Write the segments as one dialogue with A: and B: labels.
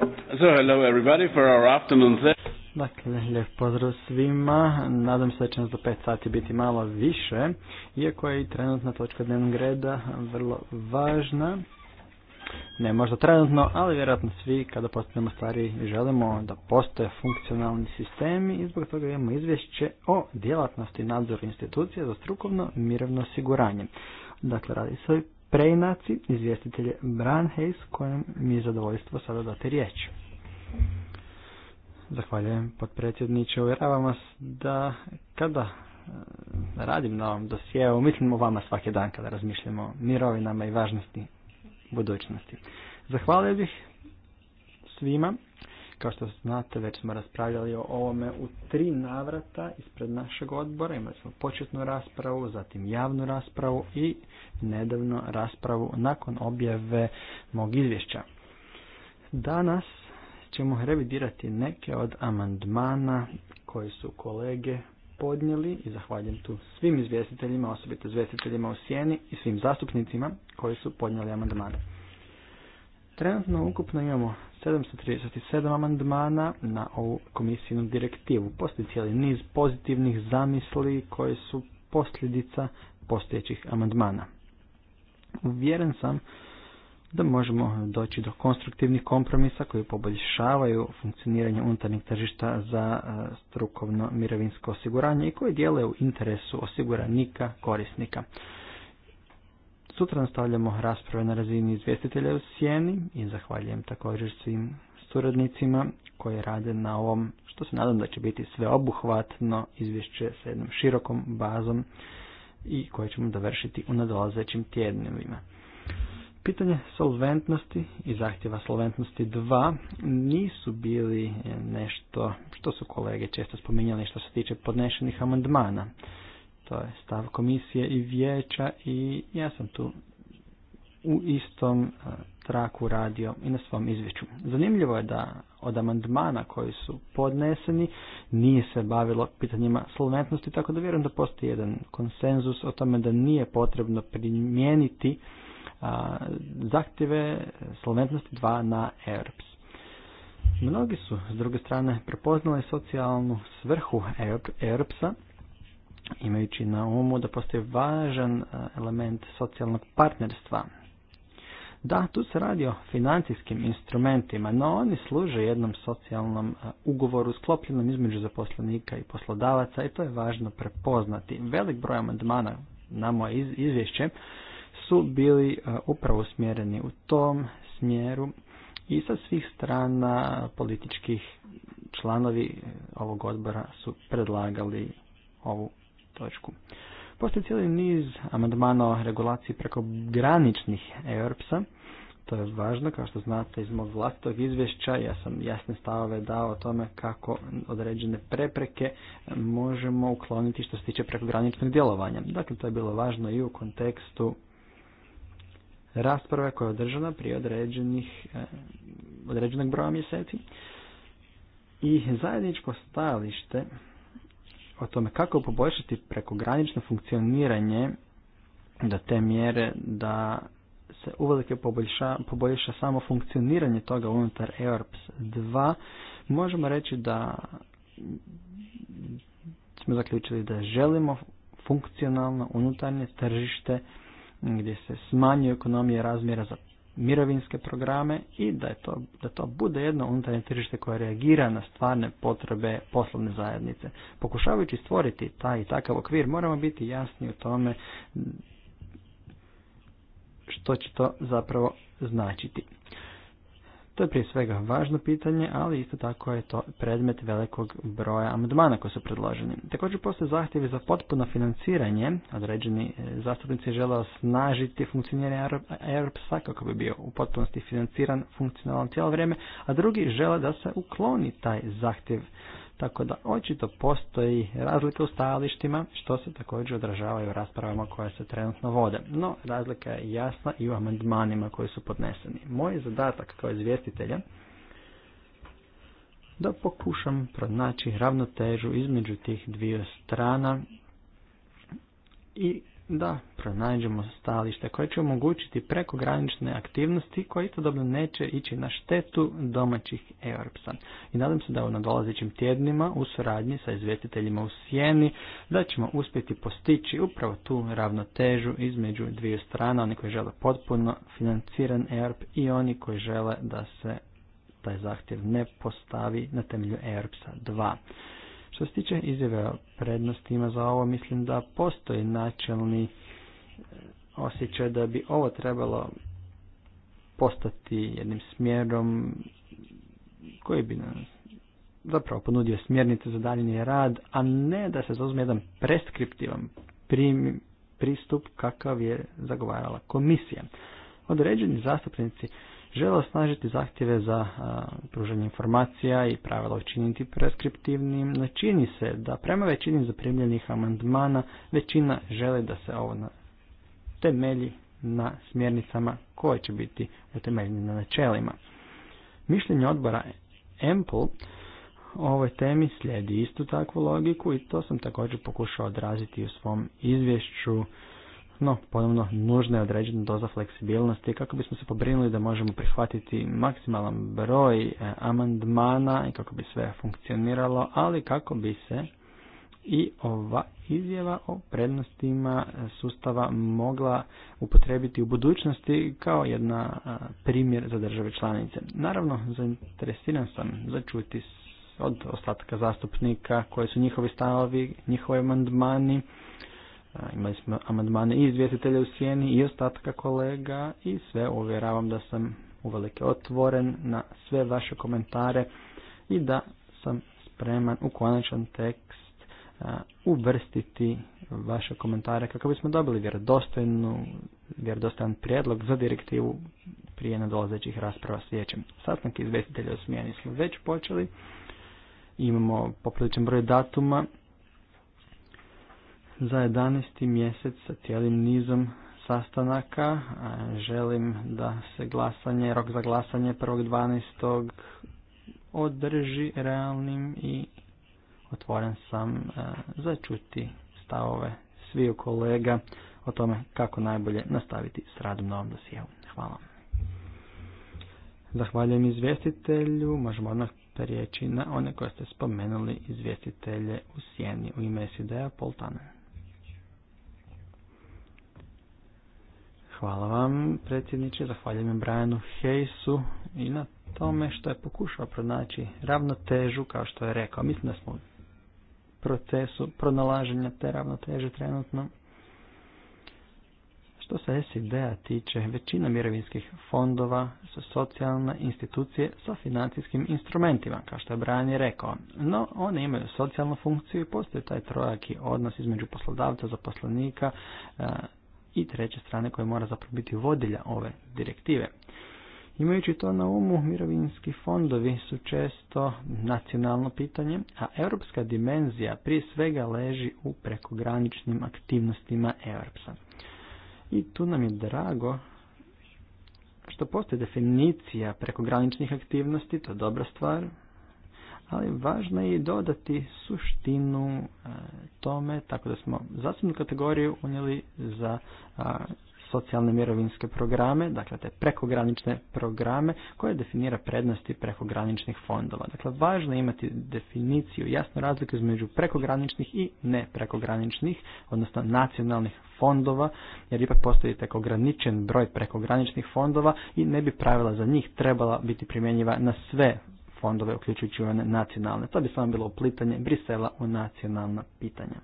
A: So, hello everybody for our
B: Dakle, lijep pozdrav svima. Nadam se da će nas do 5 sati biti malo više, iako je i trenutna točka dnevnog reda vrlo važna. Ne možda trenutno, ali vjerojatno svi kada postavljamo stvari želimo da postoje funkcionalni sistemi i zbog toga imamo izvješće o djelatnosti nadzoru institucija za strukovno mirovno osiguranje. Dakle, radi se o preinaci izvjestitelje s kojem mi je zadovoljstvo sada dati riječ. Zahvaljujem potpredsjedniče, uvjeravam vas da kada e, radim na ovom dosijeu, mislim o vama svaki dan kada razmišljamo o mirovinama i važnosti budućnosti. Zahvalio bih svima kao što znate, već smo raspravljali o ovome u tri navrata ispred našeg odbora. Imali smo početnu raspravu, zatim javnu raspravu i nedavno raspravu nakon objave mog izvješća. Danas ćemo revidirati neke od amandmana koji su kolege podnijeli i zahvaljujem tu svim izvjestiteljima, osobito izvjestiteljima u Sjeni i svim zastupnicima koji su podnijeli amandmane. Trenutno ukupno imamo 737 amandmana na ovu komisijnu direktivu. Postoji cijeli niz pozitivnih zamisli koje su posljedica postojećih amandmana. Uvjeren sam da možemo doći do konstruktivnih kompromisa koji poboljšavaju funkcioniranje unutarnjeg tržišta za e, strukovno mirovinsko osiguranje i koje dijele u interesu osiguranika korisnika. Sutra nastavljamo rasprave na razini izvjestitelja u Sjeni i zahvaljujem također svim suradnicima koji rade na ovom, što se nadam da će biti sveobuhvatno izvješće s jednom širokom bazom i koje ćemo dovršiti u nadolazećim tjednima. Pitanje solventnosti i zahtjeva solventnosti 2 nisu bili nešto što su kolege često spominjali što se tiče podnešenih amandmana. To je stav komisije i vijeća i ja sam tu u istom e, traku radio i na svom izvješću. Zanimljivo je da od amandmana koji su podneseni nije se bavilo pitanjima solventnosti, tako da vjerujem da postoji jedan konsenzus o tome da nije potrebno primijeniti e, zahtjeve solventnosti 2 na ERPS. Mnogi su, s druge strane, prepoznali socijalnu svrhu erps imajući na umu da postoji važan e, element socijalnog partnerstva. Da, tu se radi o financijskim instrumentima, no oni služe jednom socijalnom e, ugovoru sklopljenom između zaposlenika i poslodavaca i to je važno prepoznati. Velik broj amandmana na moje izvješće su bili e, upravo usmjereni u tom smjeru i sa svih strana političkih članovi ovog odbora su predlagali ovu točku. Postoji cijeli niz amandmana o regulaciji preko graničnih To je važno, kao što znate iz mog vlastitog izvješća, ja sam jasne stavove dao o tome kako određene prepreke možemo ukloniti što se tiče prekograničnog djelovanja. Dakle, to je bilo važno i u kontekstu rasprave koja je održana prije određenih, e, određenog broja mjeseci. I zajedničko stajalište o tome kako poboljšati prekogranično funkcioniranje do te mjere da se uvelike poboljša, samo funkcioniranje toga unutar EORPS 2, možemo reći da smo zaključili da želimo funkcionalno unutarnje tržište gdje se smanjuje ekonomija razmjera za mirovinske programe i da, to, da to bude jedno unutarnje tržište koje reagira na stvarne potrebe poslovne zajednice. Pokušavajući stvoriti taj i takav okvir, moramo biti jasni u tome što će to zapravo značiti. To je prije svega važno pitanje, ali isto tako je to predmet velikog broja amandmana koji su predloženi. Također postoje zahtjevi za potpuno financiranje, određeni e, zastupnici žele osnažiti funkcioniranje Europsa kako bi bio u potpunosti financiran funkcionalno cijelo vrijeme, a drugi žele da se ukloni taj zahtjev tako da očito postoji razlika u stajalištima što se također odražava i u raspravama koje se trenutno vode. No, razlika je jasna i u amandmanima koji su podneseni. Moj zadatak kao izvjestitelja da pokušam pronaći ravnotežu između tih dviju strana i da pronađemo stalište koje će omogućiti prekogranične aktivnosti koje istodobno neće ići na štetu domaćih Europsa. I nadam se da u nadolazećim tjednima u suradnji sa izvjetiteljima u Sijeni da ćemo uspjeti postići upravo tu ravnotežu između dvije strana, oni koji žele potpuno financiran ERP i oni koji žele da se taj zahtjev ne postavi na temelju ERPSA 2. Što se tiče izjave prednostima za ovo, mislim da postoji načelni e, osjećaj da bi ovo trebalo postati jednim smjerom koji bi nam zapravo ponudio smjernice za daljnji rad, a ne da se zauzme jedan preskriptivan prim, pristup kakav je zagovarala komisija. Određeni zastupnici žele osnažiti zahtjeve za pružanje informacija i pravila učiniti preskriptivnim, no čini se da prema većini zaprimljenih amandmana većina žele da se ovo temelji na smjernicama koje će biti utemeljene na načelima. Mišljenje odbora Ample o ovoj temi slijedi istu takvu logiku i to sam također pokušao odraziti u svom izvješću no ponovno nužna je određena doza fleksibilnosti kako bismo se pobrinuli da možemo prihvatiti maksimalan broj e, amandmana i kako bi sve funkcioniralo, ali kako bi se i ova izjava o prednostima sustava mogla upotrebiti u budućnosti kao jedna e, primjer za države članice. Naravno, zainteresiran sam za čuti od ostatka zastupnika koji su njihovi stavovi, njihovi amandmani, Imali smo amandmane i izvjestitelja u sjeni i ostatka kolega i sve uvjeravam da sam uvelike otvoren na sve vaše komentare i da sam spreman u konačan tekst uvrstiti vaše komentare kako bismo dobili vjerodostojan prijedlog za direktivu prije nadolazećih rasprava s vječem. Sastanke izvjestitelja u smjeni smo već počeli. Imamo popriličan broj datuma za 11. mjesec sa cijelim nizom sastanaka. Želim da se glasanje, rok za glasanje 1.12. održi realnim i otvoren sam e, za čuti stavove sviju kolega o tome kako najbolje nastaviti s radom na ovom dosijevu. Hvala. Zahvaljujem izvjestitelju. Možemo odmah prijeći na one koje ste spomenuli izvjestitelje u sjeni u ime sid Poltana. Hvala vam, predsjedniče. Zahvaljujem Brianu Hejsu i na tome što je pokušao pronaći ravnotežu, kao što je rekao. Mislim da smo u procesu pronalaženja te ravnoteže trenutno. Što se SID-a tiče, većina mirovinskih fondova su socijalne institucije sa financijskim instrumentima, kao što je Brian je rekao. No, one imaju socijalnu funkciju i postoji taj trojaki odnos između poslodavca, zaposlenika, i treće strane koje mora zapravo biti vodilja ove direktive. Imajući to na umu, mirovinski fondovi su često nacionalno pitanje, a europska dimenzija prije svega leži u prekograničnim aktivnostima Europsa. I tu nam je drago što postoji definicija prekograničnih aktivnosti, to je dobra stvar, ali važno je i dodati suštinu e, tome, tako da smo zasebnu kategoriju unijeli za socijalne mirovinske programe, dakle te prekogranične programe koje definira prednosti prekograničnih fondova. Dakle, važno je imati definiciju, jasnu razliku između prekograničnih i neprekograničnih, odnosno nacionalnih fondova, jer ipak postoji tek ograničen broj prekograničnih fondova i ne bi pravila za njih trebala biti primjenjiva na sve fondove, uključujući one nacionalne. To bi samo bilo uplitanje Brisela u nacionalna pitanja.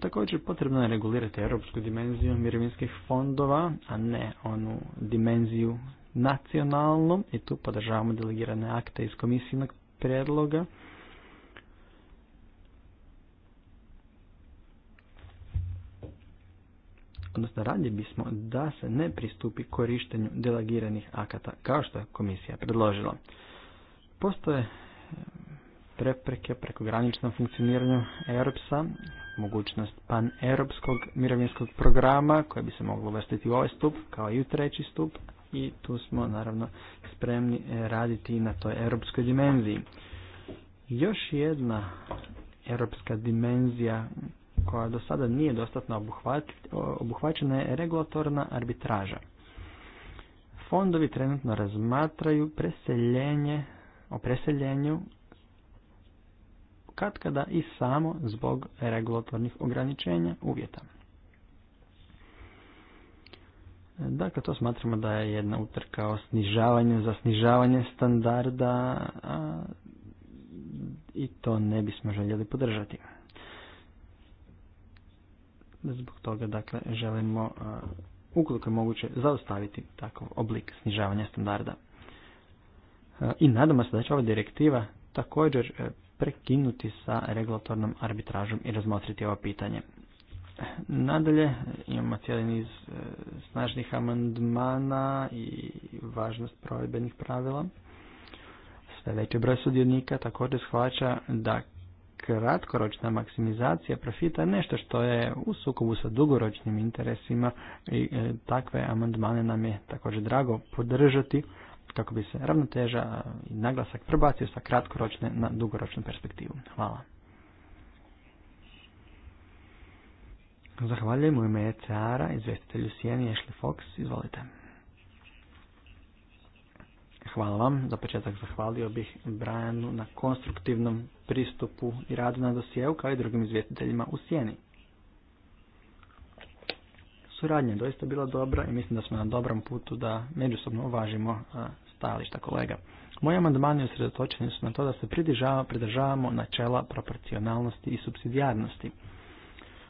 B: također potrebno je regulirati europsku dimenziju mirovinskih fondova, a ne onu dimenziju nacionalnom. i tu podržavamo delegirane akte iz komisijnog prijedloga. odnosno radnje bismo da se ne pristupi korištenju delegiranih akata kao što je komisija predložila. Postoje e, prepreke prekograničnom funkcioniranju Europsa, mogućnost pan-europskog mirovinskog programa koje bi se moglo uvrstiti u ovaj stup kao i u treći stup i tu smo naravno spremni e, raditi na toj europskoj dimenziji. Još jedna europska dimenzija koja do sada nije dostatno obuhvaćena je regulatorna arbitraža. Fondovi trenutno razmatraju preseljenje o preseljenju katkada i samo zbog regulatornih ograničenja uvjeta. Dakle, to smatramo da je jedna utrka o snižavanju za snižavanje standarda i to ne bismo željeli podržati. Zbog toga, dakle, želimo, ukoliko je moguće, zaustaviti takav oblik snižavanja standarda. I nadamo se da će ova direktiva također e, prekinuti sa regulatornom arbitražom i razmotriti ovo pitanje. Nadalje imamo cijeli niz e, snažnih amandmana i važnost provedbenih pravila. Sve veći broj sudionika također shvaća da kratkoročna maksimizacija profita nešto što je u sukobu sa dugoročnim interesima i e, takve amandmane nam je također drago podržati kako bi se ravnoteža i naglasak prebacio sa kratkoročne na dugoročnu perspektivu. Hvala. Zahvaljujem u ime ECR-a, izvestitelju Sijeni, Ashley Fox, izvolite. Hvala vam, za početak zahvalio bih Brianu na konstruktivnom pristupu i radu na dosijevu, kao i drugim izvjestiteljima u sjeni. Suradnja je doista bila dobra i mislim da smo na dobrom putu da međusobno uvažimo stajališta kolega. Moji amandmani usredotočeni su na to da se pridržavamo načela proporcionalnosti i subsidijarnosti.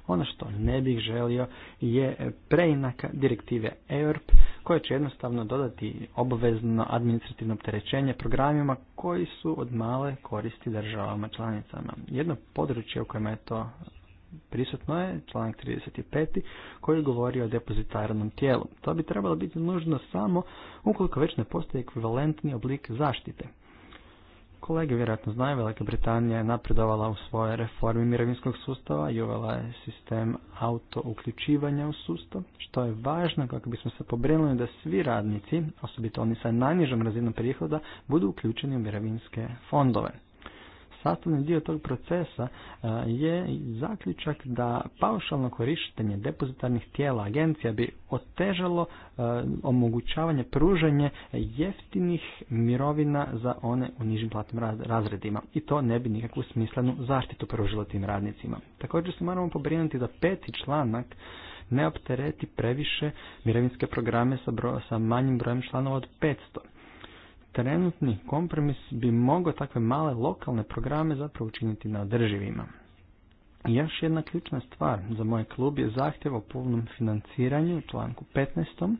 B: Ono što ne bih želio je preinaka direktive EURP koje će jednostavno dodati obavezno administrativno opterećenje programima koji su od male koristi državama članicama. Jedno područje u kojem je to prisutno je članak 35. koji govori o depozitarnom tijelu. To bi trebalo biti nužno samo ukoliko već ne postoji ekvivalentni oblik zaštite. Kolege vjerojatno znaju, Velika Britanija je napredovala u svojoj reformi mirovinskog sustava i uvela je sistem auto uključivanja u sustav, što je važno kako bismo se pobrinuli da svi radnici, osobito oni sa najnižom razinom prihoda, budu uključeni u mirovinske fondove sastavni dio tog procesa e, je zaključak da paušalno korištenje depozitarnih tijela agencija bi otežalo e, omogućavanje pružanje jeftinih mirovina za one u nižim platnim razredima i to ne bi nikakvu smislenu zaštitu pružilo tim radnicima. Također se moramo pobrinuti da peti članak ne optereti previše mirovinske programe sa, manjim brojem članova od 500 trenutni kompromis bi mogao takve male lokalne programe zapravo učiniti na održivima. I još jedna ključna stvar za moj klub je zahtjev o polnom financiranju u članku 15.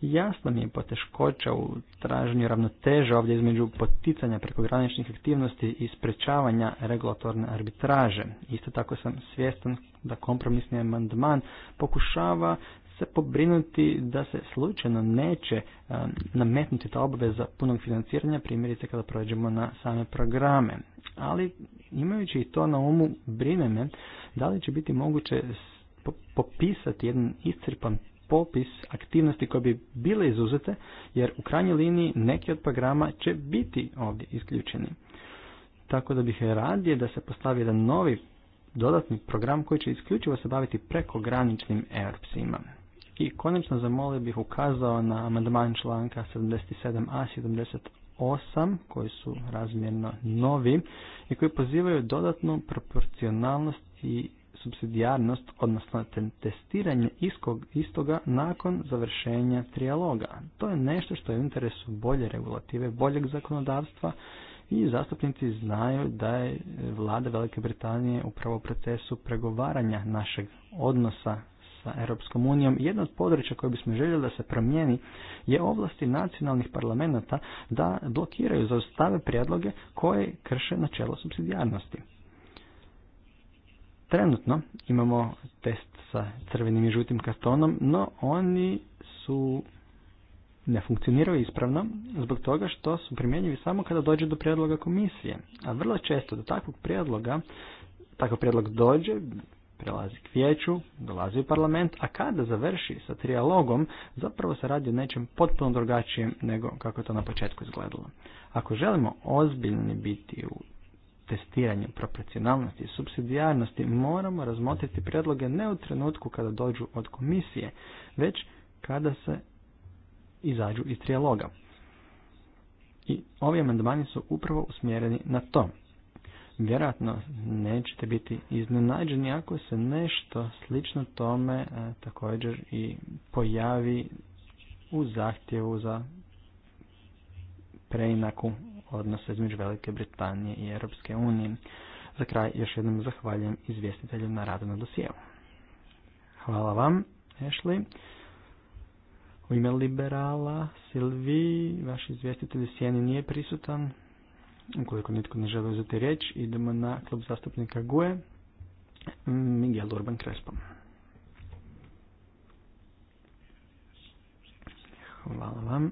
B: Jasno mi je poteškoća u traženju ravnoteže ovdje između poticanja prekograničnih aktivnosti i sprečavanja regulatorne arbitraže. Isto tako sam svjestan da kompromisni amandman pokušava se pobrinuti da se slučajno neće eh, nametnuti ta obveza punog financiranja, primjerice kada prođemo na same programe. Ali imajući i to na umu, brine da li će biti moguće popisati jedan iscrpan popis aktivnosti koje bi bile izuzete, jer u krajnjoj liniji neki od programa će biti ovdje isključeni. Tako da bih radije da se postavi jedan novi dodatni program koji će isključivo se baviti prekograničnim europsima. I konačno zamolio bih ukazao na amandman članka 77a 78 koji su razmjerno novi i koji pozivaju dodatnu proporcionalnost i subsidijarnost, odnosno testiranje iskog, istoga nakon završenja trijaloga. To je nešto što je u interesu bolje regulative, boljeg zakonodavstva i zastupnici znaju da je vlada Velike Britanije upravo u procesu pregovaranja našeg odnosa sa Europskom unijom, jedno od područja koje bismo željeli da se promijeni je ovlasti nacionalnih parlamenta da blokiraju, zaostave prijedloge koje krše načelo subsidijarnosti. Trenutno imamo test sa crvenim i žutim kartonom, no oni su ne funkcioniraju ispravno zbog toga što su primjenjivi samo kada dođe do prijedloga komisije. A vrlo često do takvog prijedloga, takav prijedlog dođe, prelazi k vijeću, dolazi u parlament, a kada završi sa trijalogom, zapravo se radi o nečem potpuno drugačijem nego kako je to na početku izgledalo. Ako želimo ozbiljni biti u testiranju proporcionalnosti i subsidijarnosti, moramo razmotriti predloge ne u trenutku kada dođu od komisije, već kada se izađu iz trijaloga. I ovi amandmani su upravo usmjereni na to vjerojatno nećete biti iznenađeni ako se nešto slično tome e, također i pojavi u zahtjevu za preinaku odnose između Velike Britanije i Europske unije. Za kraj još jednom zahvaljujem izvjestitelju na radu na dosijevu. Hvala vam, Ashley. U ime liberala, Silvi, vaš izvjestitelj Sjeni nije prisutan. Ukoliko nitko ne želi uzeti riječ, idemo na klub zastupnika GUE, Miguel Urban Crespo Hvala vam.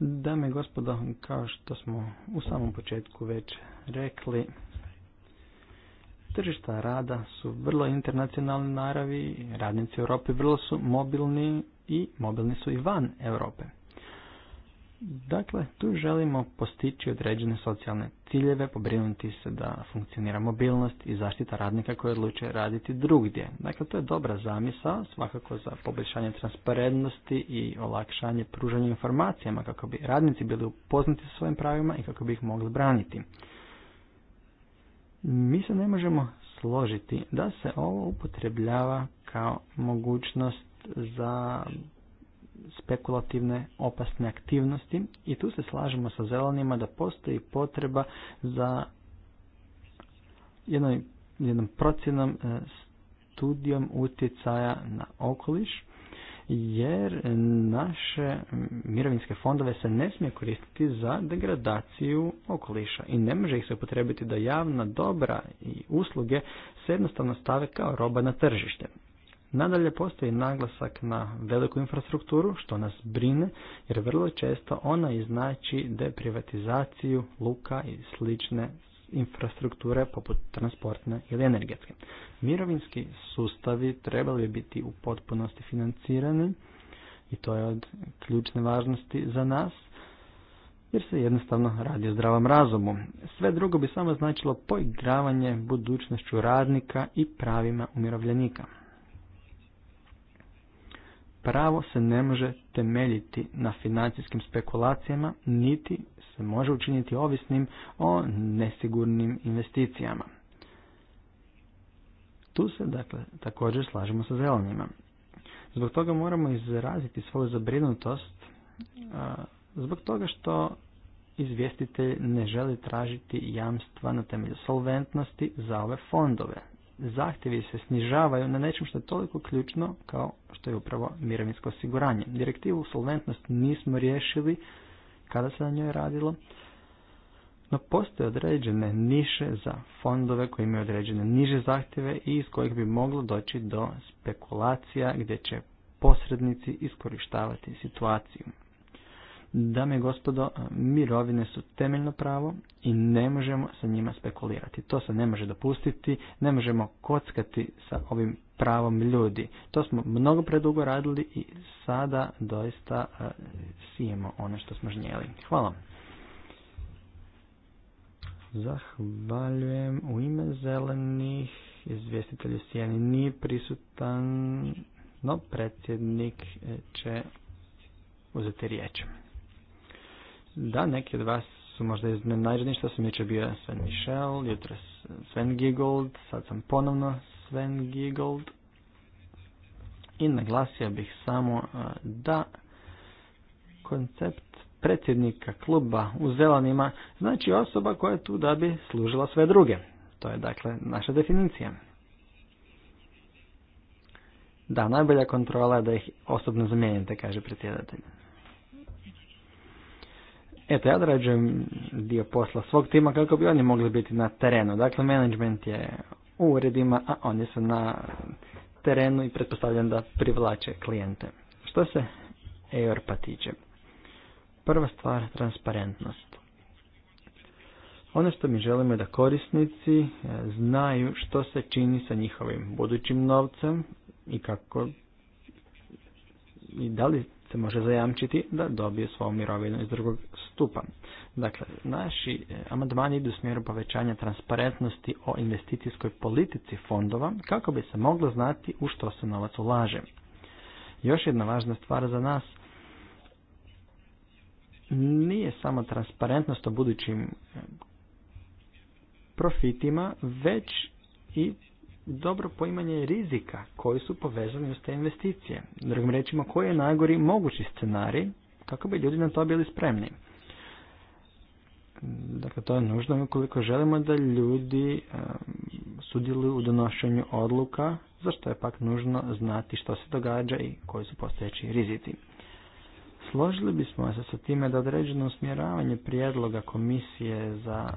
B: Dame i gospodo, kao što smo u samom početku već rekli, tržišta rada su vrlo internacionalni naravi, radnici u Europi vrlo su mobilni i mobilni su i van Europe. Dakle, tu želimo postići određene socijalne ciljeve, pobrinuti se da funkcionira mobilnost i zaštita radnika koji odluče raditi drugdje. Dakle, to je dobra zamisa svakako za poboljšanje transparentnosti i olakšanje pružanja informacijama kako bi radnici bili upoznati sa svojim pravima i kako bi ih mogli braniti. Mi se ne možemo složiti da se ovo upotrebljava kao mogućnost za spekulativne opasne aktivnosti i tu se slažemo sa zelenima da postoji potreba za jednom, procjenom e, studijom utjecaja na okoliš jer naše mirovinske fondove se ne smije koristiti za degradaciju okoliša i ne može ih se upotrebiti da javna dobra i usluge se jednostavno stave kao roba na tržište. Nadalje postoji naglasak na veliku infrastrukturu, što nas brine, jer vrlo često ona iznači deprivatizaciju luka i slične infrastrukture poput transportne ili energetske. Mirovinski sustavi trebali bi biti u potpunosti financirani i to je od ključne važnosti za nas jer se jednostavno radi o zdravom razumu. Sve drugo bi samo značilo poigravanje budućnošću radnika i pravima umirovljenika pravo se ne može temeljiti na financijskim spekulacijama, niti se može učiniti ovisnim o nesigurnim investicijama. Tu se dakle također slažemo sa zelenima. Zbog toga moramo izraziti svoju zabrinutost zbog toga što izvjestitelj ne želi tražiti jamstva na temelju solventnosti za ove fondove, zahtjevi se snižavaju na nečem što je toliko ključno kao što je upravo mirovinsko osiguranje. Direktivu solventnost nismo riješili kada se na njoj radilo, no postoje određene niše za fondove koji imaju određene niže zahtjeve i iz kojih bi moglo doći do spekulacija gdje će posrednici iskorištavati situaciju. Dame i gospodo, mirovine su temeljno pravo i ne možemo sa njima spekulirati. To se ne može dopustiti, ne možemo kockati sa ovim pravom ljudi. To smo mnogo predugo radili i sada doista e, sijemo ono što smo žnjeli. Hvala. Zahvaljujem u ime zelenih. izvjestitelji u nije prisutan, no predsjednik e, će uzeti riječ. Da, neki od vas su možda iznenađeni što sam jučer bio Sven Michel, jutro Sven Giggold, sad sam ponovno Sven Giggold. I naglasio bih samo e, da koncept predsjednika kluba u zelanima znači osoba koja je tu da bi služila sve druge. To je dakle naša definicija. Da, najbolja kontrola je da ih osobno zamijenite, kaže predsjedatelj. Eto, ja odrađujem dio posla svog tima kako bi oni mogli biti na terenu. Dakle, management je u uredima, a oni su na terenu i pretpostavljam da privlače klijente. Što se pa tiče? Prva stvar, transparentnost. Ono što mi želimo je da korisnici e, znaju što se čini sa njihovim budućim novcem i kako i da li se može zajamčiti da dobije svoju mirovinu iz drugog stupa. Dakle, naši e, amandmani idu u smjeru povećanja transparentnosti o investicijskoj politici fondova kako bi se moglo znati u što se novac ulaže. Još jedna važna stvar za nas nije samo transparentnost o budućim e, profitima, već i dobro poimanje rizika koji su povezani uz te investicije. Drugim rečima, koji je najgori mogući scenarij kako bi ljudi na to bili spremni. Dakle, to je nužno ukoliko želimo da ljudi sudjeluju u donošenju odluka, zašto je pak nužno znati što se događa i koji su postojeći rizici. Složili bismo se sa time da određeno usmjeravanje prijedloga komisije za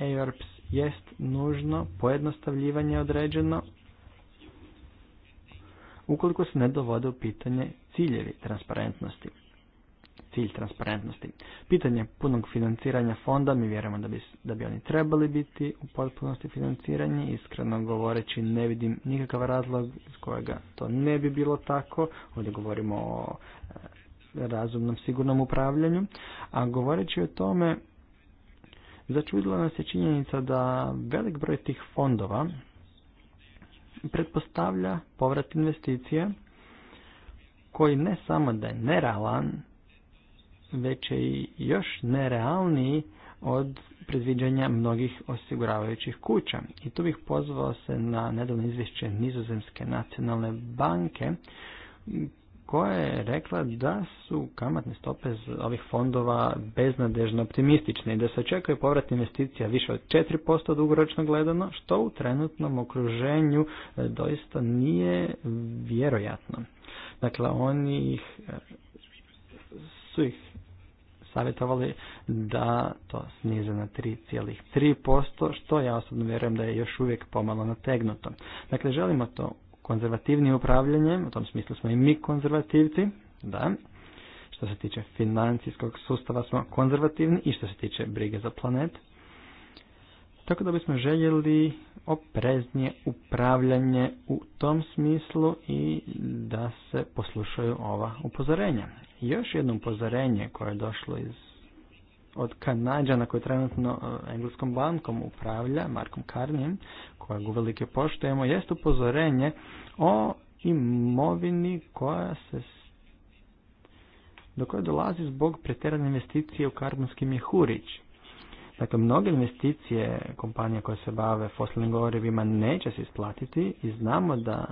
B: EURPS jest nužno pojednostavljivanje određeno ukoliko se ne dovode u pitanje ciljevi transparentnosti. Cilj transparentnosti. Pitanje punog financiranja fonda, mi vjerujemo da bi, da bi oni trebali biti u potpunosti financirani, iskreno govoreći ne vidim nikakav razlog iz kojega to ne bi bilo tako, ovdje govorimo o e, razumnom sigurnom upravljanju, a govoreći o tome Začudila nas je činjenica da velik broj tih fondova pretpostavlja povrat investicije koji ne samo da je nerealan, već je i još nerealniji od predviđanja mnogih osiguravajućih kuća. I tu bih pozvao se na nedavno izvješće Nizozemske nacionalne banke koja je rekla da su kamatne stope ovih fondova beznadežno optimistične i da se očekuje povrat investicija više od 4% dugoročno gledano, što u trenutnom okruženju e, doista nije vjerojatno. Dakle, oni ih, e, su ih savjetovali da to snize na 3,3%, što ja osobno vjerujem da je još uvijek pomalo nategnuto. Dakle, želimo to konzervativnije upravljanje, u tom smislu smo i mi konzervativci, da. Što se tiče financijskog sustava smo konzervativni i što se tiče brige za planet. Tako da bismo željeli opreznije upravljanje u tom smislu i da se poslušaju ova upozorenja. Još jedno upozorenje koje je došlo iz od Kanadžana koji trenutno e, engleskom bankom upravlja, Markom Karnijem kojeg uvelike poštujemo, jest upozorenje o imovini koja se do koje dolazi zbog pretjerane investicije u karbonski mjehurić. Dakle, mnoge investicije kompanija koje se bave fosilnim gorivima neće se isplatiti i znamo da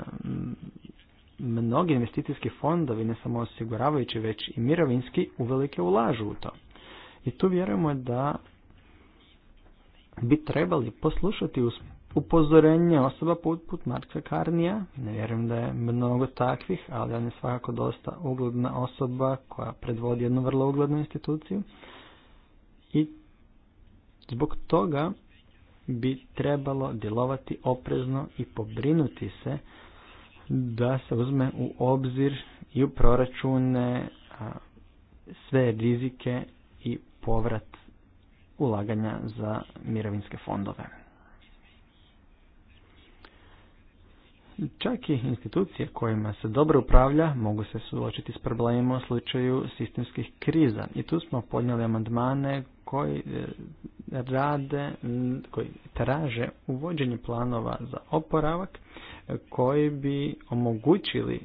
B: mnogi investicijski fondovi, ne samo osiguravajući, već i mirovinski, uvelike ulažu u to. I tu vjerujemo da bi trebali poslušati upozorenje osoba poput Marka Karnija. Ne vjerujem da je mnogo takvih, ali on je svakako dosta ugledna osoba koja predvodi jednu vrlo uglednu instituciju. I zbog toga bi trebalo djelovati oprezno i pobrinuti se da se uzme u obzir i u proračune sve rizike povrat ulaganja za mirovinske fondove. Čak i institucije kojima se dobro upravlja mogu se suočiti s problemima u slučaju sistemskih kriza. I tu smo podnijeli amandmane koji e, rade, koji traže uvođenje planova za oporavak e, koji bi omogućili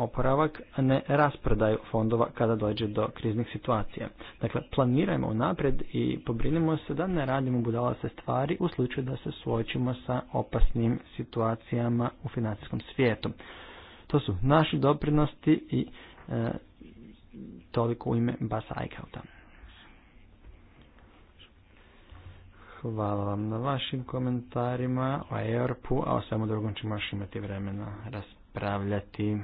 B: oporavak, a ne rasprodaju fondova kada dođe do kriznih situacija. Dakle, planirajmo unaprijed i pobrinimo se da ne radimo budala se stvari u slučaju da se suočimo sa opasnim situacijama u financijskom svijetu. To su naši doprinosti i e, toliko u ime Bas Eichauta. Hvala vam na vašim komentarima o erp a o svemu drugom ćemo još imati vremena raspravljati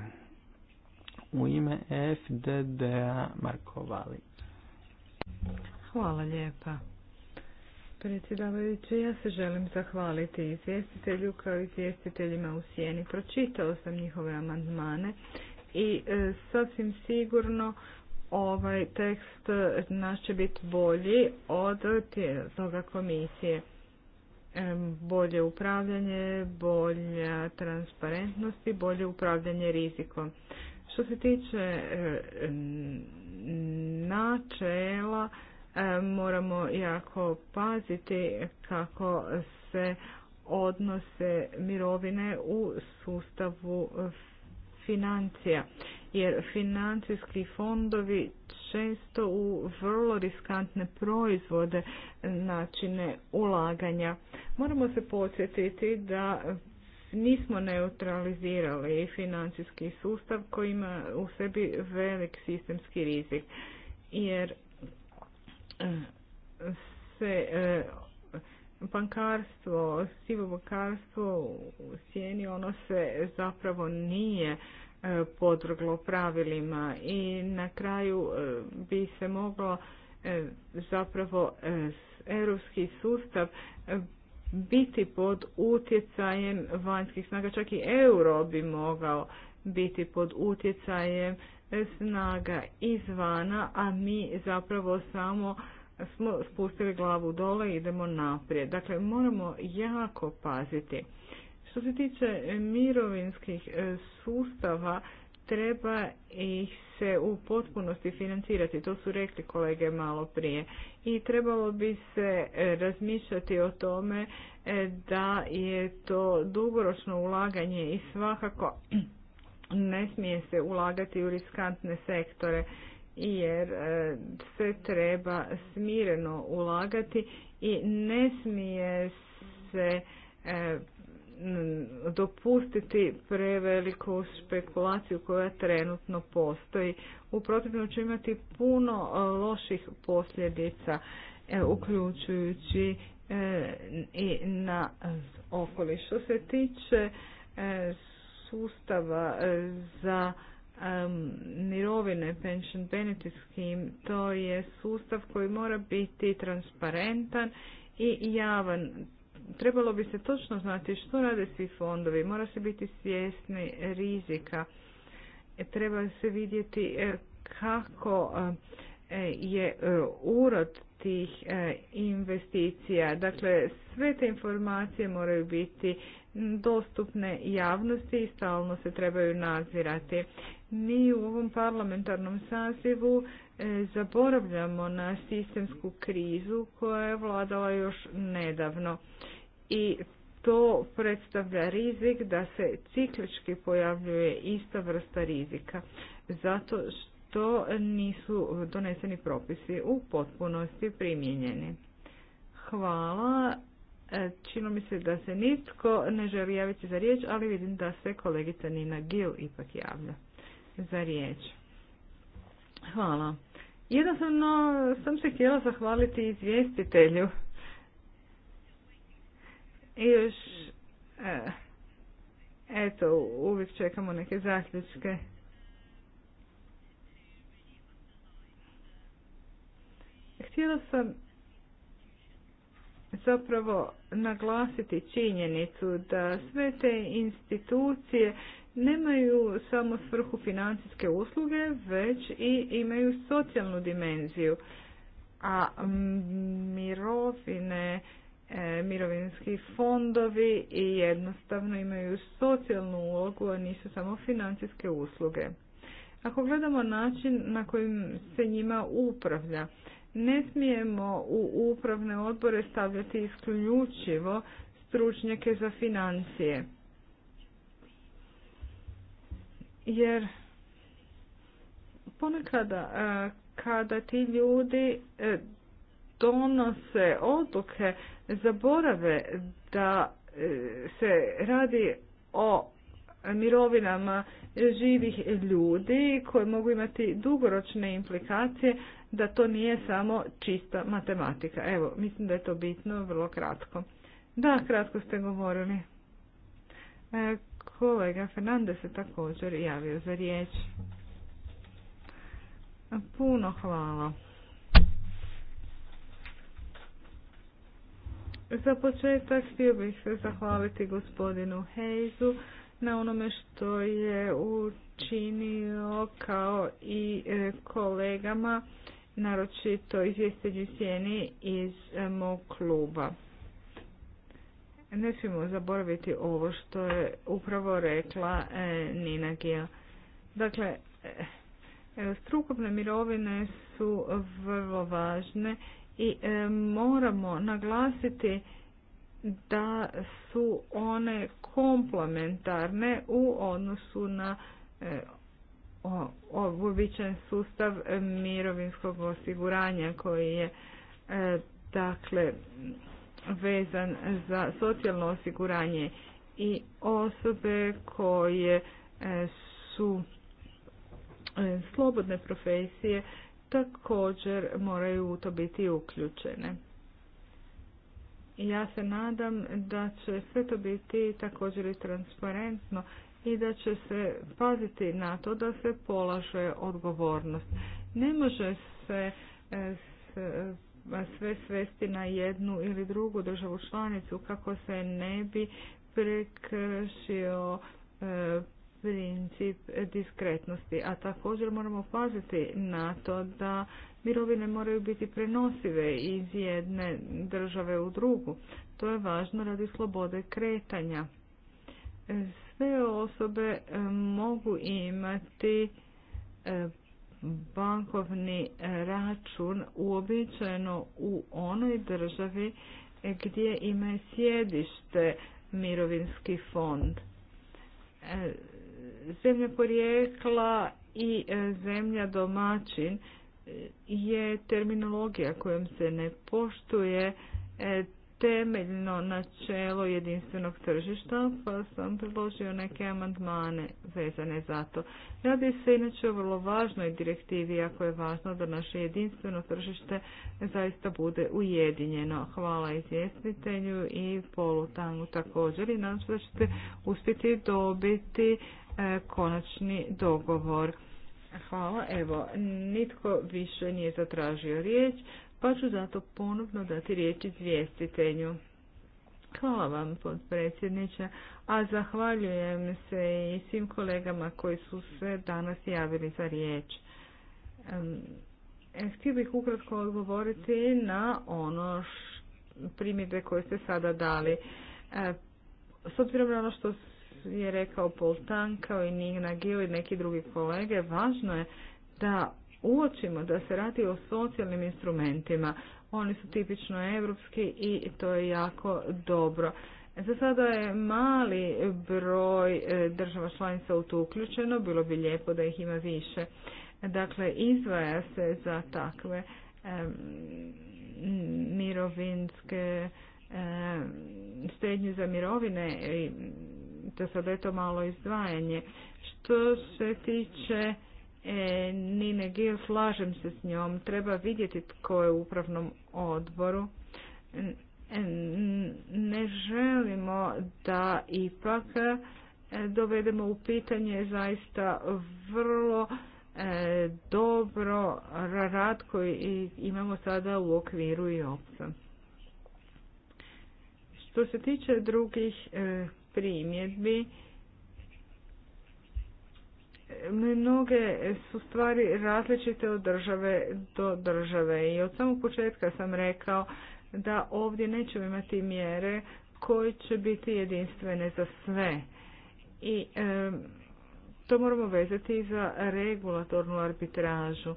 B: u ime fdd Markovali.
C: Hvala lijepa. Predsjedavajući, ja se želim zahvaliti izvjestitelju kao izvjestiteljima u Sjeni. Pročitao sam njihove amandmane i e, sasvim sigurno ovaj tekst naš će biti bolji od toga komisije. E, bolje upravljanje, bolja transparentnost i bolje upravljanje rizikom. Što se tiče e, načela, e, moramo jako paziti kako se odnose mirovine u sustavu financija. Jer financijski fondovi često u vrlo riskantne proizvode načine ulaganja. Moramo se podsjetiti da nismo neutralizirali financijski sustav koji ima u sebi velik sistemski rizik jer eh, se eh, bankarstvo, sivo bankarstvo u sjeni ono se zapravo nije eh, podvrglo pravilima i na kraju bi se moglo zapravo europski sustav biti pod utjecajem vanjskih snaga, čak i euro bi mogao biti pod utjecajem snaga izvana, a mi zapravo samo smo spustili glavu dole i idemo naprijed. Dakle, moramo jako paziti. Što se tiče mirovinskih sustava, treba ih u potpunosti financirati, to su rekli kolege malo prije. I trebalo bi se e, razmišljati o tome e, da je to dugoročno ulaganje i svakako ne smije se ulagati u riskantne sektore jer se treba smireno ulagati i ne smije se e, dopustiti preveliku spekulaciju koja trenutno postoji. U protivnom će imati puno e, loših posljedica, e, uključujući e, i na okoliš. Što se tiče sustava za mirovine pension benefit scheme, to je sustav koji mora biti transparentan i javan trebalo bi se točno znati što rade svi fondovi, mora se biti svjesni rizika, e, treba se vidjeti e, kako e, je urod tih investicija. Dakle, sve te informacije moraju biti dostupne javnosti i stalno se trebaju nadzirati. Mi u ovom parlamentarnom sazivu zaboravljamo na sistemsku krizu koja je vladala još nedavno i to predstavlja rizik da se ciklički pojavljuje ista vrsta rizika zato što nisu doneseni propisi u potpunosti primijenjeni. Hvala. E, Čino mi se da se nitko ne želi javiti za riječ, ali vidim da se kolegica Nina Gil ipak javlja za riječ. Hvala. Jednostavno sam se htjela zahvaliti izvjestitelju i još, e, eto, uvijek čekamo neke zaključke. Htjela sam zapravo naglasiti činjenicu da sve te institucije nemaju samo svrhu financijske usluge, već i imaju socijalnu dimenziju. A mirovine, E, mirovinski fondovi i jednostavno imaju socijalnu ulogu, a nisu samo financijske usluge. Ako gledamo način na kojim se njima upravlja, ne smijemo u upravne odbore stavljati isključivo stručnjake za financije. Jer ponekada e, kada ti ljudi e, donose odluke zaborave da e, se radi o mirovinama živih ljudi koje mogu imati dugoročne implikacije da to nije samo čista matematika. Evo, mislim da je to bitno, vrlo kratko. Da, kratko ste govorili. E, kolega Fernandez se također javio za riječ. Puno hvala. Za početak htio bih se zahvaliti gospodinu Hejzu na onome što je učinio kao i e, kolegama, naročito izvjestelju sjeni iz e, mog kluba. Ne smijemo zaboraviti ovo što je upravo rekla e, Nina Gija. Dakle, Strukovne mirovine su vrlo važne i e, moramo naglasiti da su one komplementarne u odnosu na e, uobičajen sustav e, mirovinskog osiguranja koji je dakle vezan za socijalno osiguranje i osobe koje su E, slobodne profesije također moraju u to biti uključene. Ja se nadam da će sve to biti također i transparentno i da će se paziti na to da se polaže odgovornost. Ne može se e, sve svesti na jednu ili drugu državu članicu kako se ne bi prekršio e, princip diskretnosti, a također moramo paziti na to da mirovine moraju biti prenosive iz jedne države u drugu. To je važno radi slobode kretanja. Sve osobe e, mogu imati e, bankovni račun uobičajeno u onoj državi gdje ima sjedište mirovinski fond e, Zemlja porijekla i e, zemlja domaćin e, je terminologija kojom se ne poštuje e, temeljno načelo jedinstvenog tržišta, pa sam predložio neke amandmane vezane za to. Radi se inače o vrlo važnoj direktivi, ako je važno da naše jedinstveno tržište zaista bude ujedinjeno. Hvala izvjestitelju i tangu također i nadam se da ćete uspjeti dobiti E, konačni dogovor. Hvala. Evo, nitko više nije zatražio riječ, pa ću zato ponovno dati riječ izvjestitelju. Hvala vam, podpredsjedniče, a zahvaljujem se i svim kolegama koji su se danas javili za riječ. Htio bih ukratko odgovoriti na ono primjedbe koje ste sada dali. E, s obzirom na ono što je rekao Paul i Nina Gil i neki drugi kolege, važno je da uočimo da se radi o socijalnim instrumentima. Oni su tipično evropski i to je jako dobro. Za sada je mali broj e, država članica u to uključeno, bilo bi lijepo da ih ima više. Dakle, izvaja se za takve mirovinske štednju za mirovine i to sad to malo izdvajanje. Što se tiče e, Nine Gil, slažem se s njom. Treba vidjeti tko je u upravnom odboru. E, ne želimo da ipak e, dovedemo u pitanje zaista vrlo e, dobro rad koji imamo sada u okviru i opca. Što se tiče drugih primjedbi. Mnoge su stvari različite od države do države i od samog početka sam rekao da ovdje nećemo imati mjere koje će biti jedinstvene za sve. I to moramo vezati i za regulatornu arbitražu.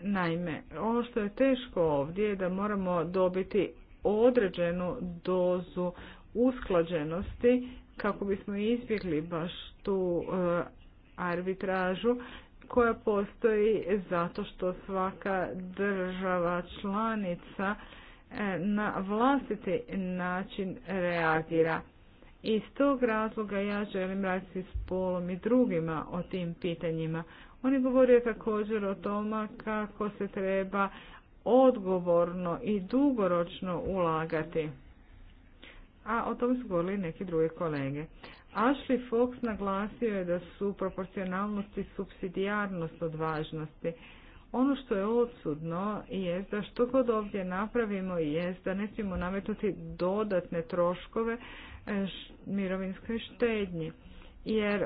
C: Naime, ono što je teško ovdje je da moramo dobiti određenu dozu usklađenosti kako bismo izbjegli baš tu e, arbitražu koja postoji zato što svaka država članica e, na vlastiti način reagira. Iz tog razloga ja želim raditi s polom i drugima o tim pitanjima. Oni govore također o toma kako se treba odgovorno i dugoročno ulagati a o tom su govorili neki druge kolege. Ashley Fox naglasio je da su proporcionalnost i subsidijarnost od važnosti. Ono što je odsudno je da što god ovdje napravimo je da ne smijemo nametnuti dodatne troškove e, mirovinskoj štednji. Jer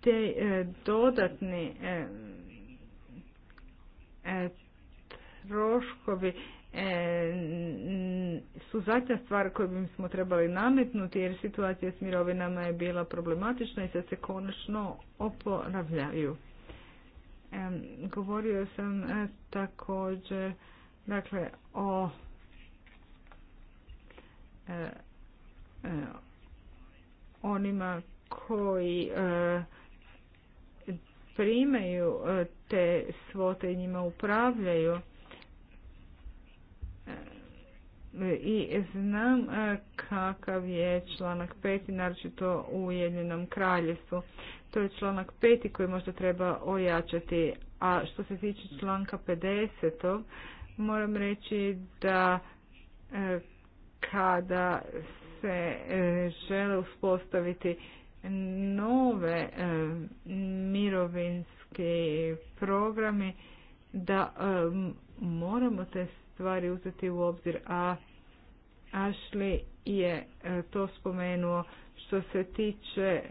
C: te e, dodatni e, troškovi E, su zadnja stvar koju bi smo trebali nametnuti jer situacija s mirovinama je bila problematična i sad se konačno oporavljaju. E, govorio sam e, također dakle o onima koji primaju te svote i njima upravljaju i znam e, kakav je članak 5. naročito u Ujedinjenom kraljestvu. To je članak 5. koji možda treba ojačati. A što se tiče članka 50. moram reći da e, kada se e, žele uspostaviti nove mirovinski programi da moramo te stvari uzeti u obzir, a Ashley je e, to spomenuo. Što se tiče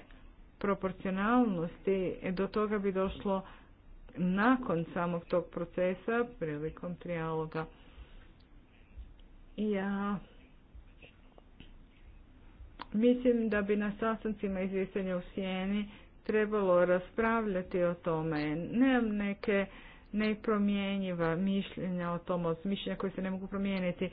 C: proporcionalnosti, do toga bi došlo nakon samog tog procesa, prilikom trijaloga. Ja mislim da bi na sastancima izvjestanja u sjeni trebalo raspravljati o tome. Nemam neke nepromjenjiva mišljenja o tom, od mišljenja koje se ne mogu promijeniti.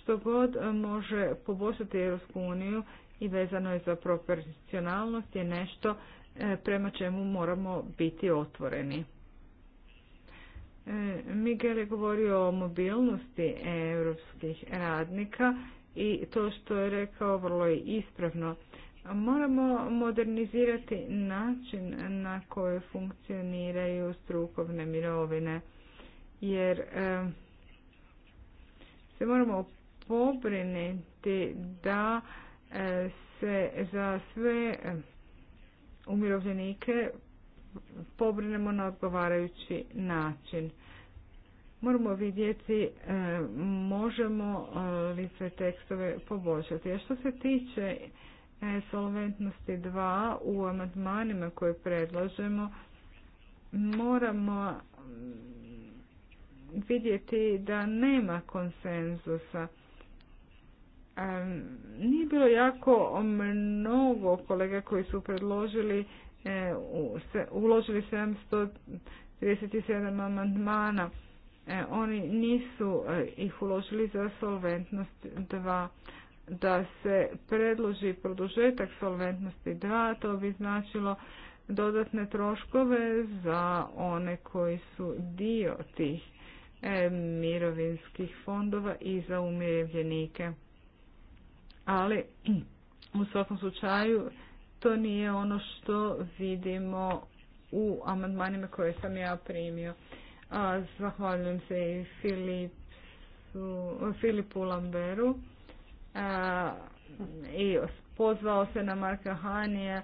C: Što god e, može poboljšati Europsku uniju i vezano je za proporcionalnost je nešto e, prema čemu moramo biti otvoreni. E, Miguel je govorio o mobilnosti europskih radnika i to što je rekao vrlo je ispravno. Moramo modernizirati način na koji funkcioniraju strukovne mirovine, jer se moramo pobriniti da e, se za sve umirovljenike pobrinemo na odgovarajući način. Moramo vidjeti možemo e, li sve tekstove poboljšati. A što se tiče E, solventnosti 2 u amandmanima koje predlažemo moramo mm, vidjeti da nema konsenzusa. E, nije bilo jako mnogo kolega koji su predložili e, uložili 737 amandmana. Oni nisu ih uložili za solventnost 2 da se predloži produžetak solventnosti 2, to bi značilo dodatne troškove za one koji su dio tih e, mirovinskih fondova i za umirovljenike. Ali u svakom slučaju to nije ono što vidimo u amandmanima koje sam ja primio. zahvaljujem se i Filipu Lamberu i pozvao se na Marka Hanija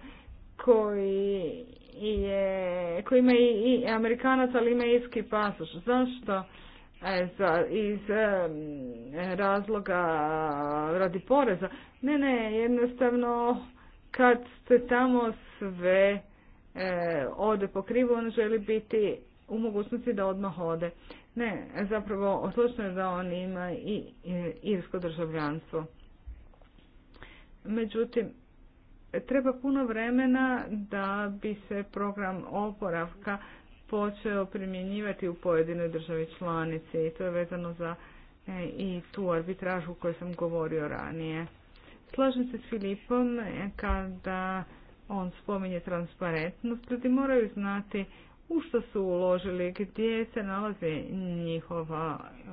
C: koji je, koji ima i, i Amerikanac, ali ima irski pasoš. Zašto? E, za, iz razloga radi poreza. Ne, ne, jednostavno kad se tamo sve e, ode po krivu, on želi biti u mogućnosti da odmah ode. Ne, zapravo, točno je da on ima i irsko državljanstvo. Međutim, treba puno vremena da bi se program oporavka počeo primjenjivati u pojedinoj državi članici i to je vezano za e, i tu arbitražu o kojoj sam govorio ranije. Slažem se s Filipom e, kada on spominje transparentnost, ljudi moraju znati u što su uložili, gdje se nalazi njihova e,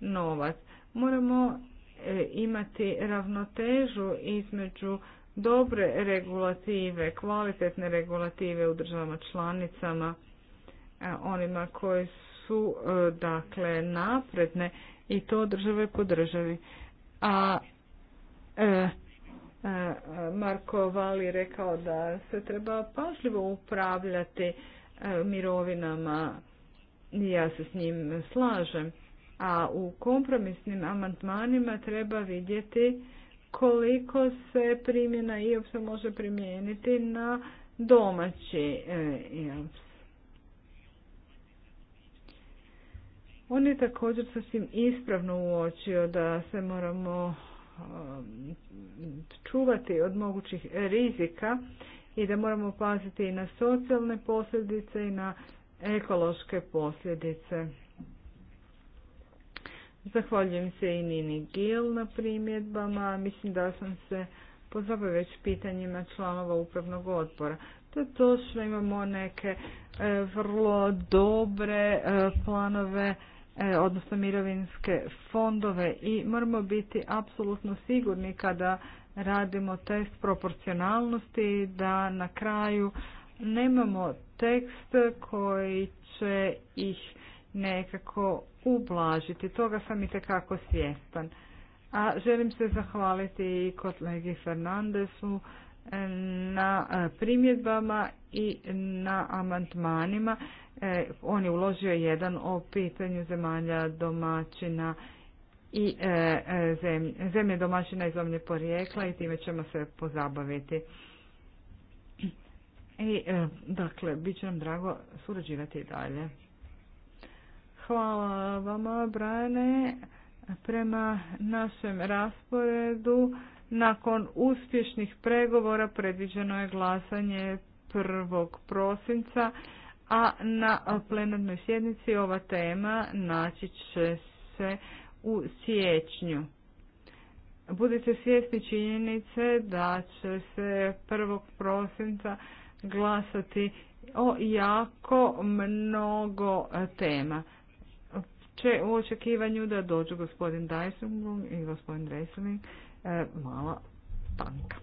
C: novac. Moramo E, imati ravnotežu između dobre regulative, kvalitetne regulative u državama članicama, e, onima koje su e, dakle napredne i to države po državi. A e, e, Marko Vali rekao da se treba pažljivo upravljati e, mirovinama. Ja se s njim slažem a u kompromisnim amandmanima treba vidjeti koliko se primjena IOPS-a može primijeniti na domaći e, IOPS. On je također sasvim ispravno uočio da se moramo e, čuvati od mogućih rizika i da moramo paziti i na socijalne posljedice i na ekološke posljedice. Zahvaljujem se i Nini Gil na primjedbama. Mislim da sam se pozabavio već pitanjima članova upravnog odbora. To je točno, imamo neke e, vrlo dobre e, planove, e, odnosno mirovinske fondove i moramo biti apsolutno sigurni kada radimo test proporcionalnosti da na kraju nemamo tekst koji će ih nekako ublažiti. Toga sam i tekako svjestan. A želim se zahvaliti i kolegi Fernandesu e, na e, primjedbama i na amantmanima. E, on je uložio jedan o pitanju zemalja domaćina i zemlje, domaćina i zemlje porijekla i time ćemo se pozabaviti. I, dakle, bit će nam drago surađivati i dalje. Hvala vama, Brane. Prema našem rasporedu, nakon uspješnih pregovora predviđeno je glasanje 1. prosinca, a na plenarnoj sjednici ova tema naći će se u siječnju. Budite svjesni činjenice da će se 1. prosinca glasati o jako mnogo tema će u očekivanju da dođu gospodin Dyson i gospodin Dresling e, mala panika.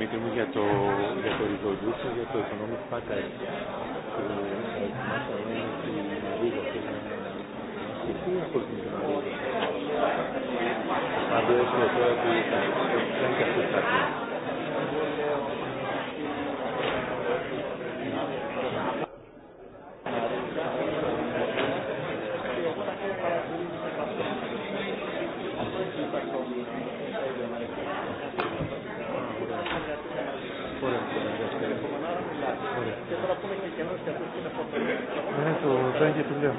A: μήτη μου για το, για το για το Economic Ne, to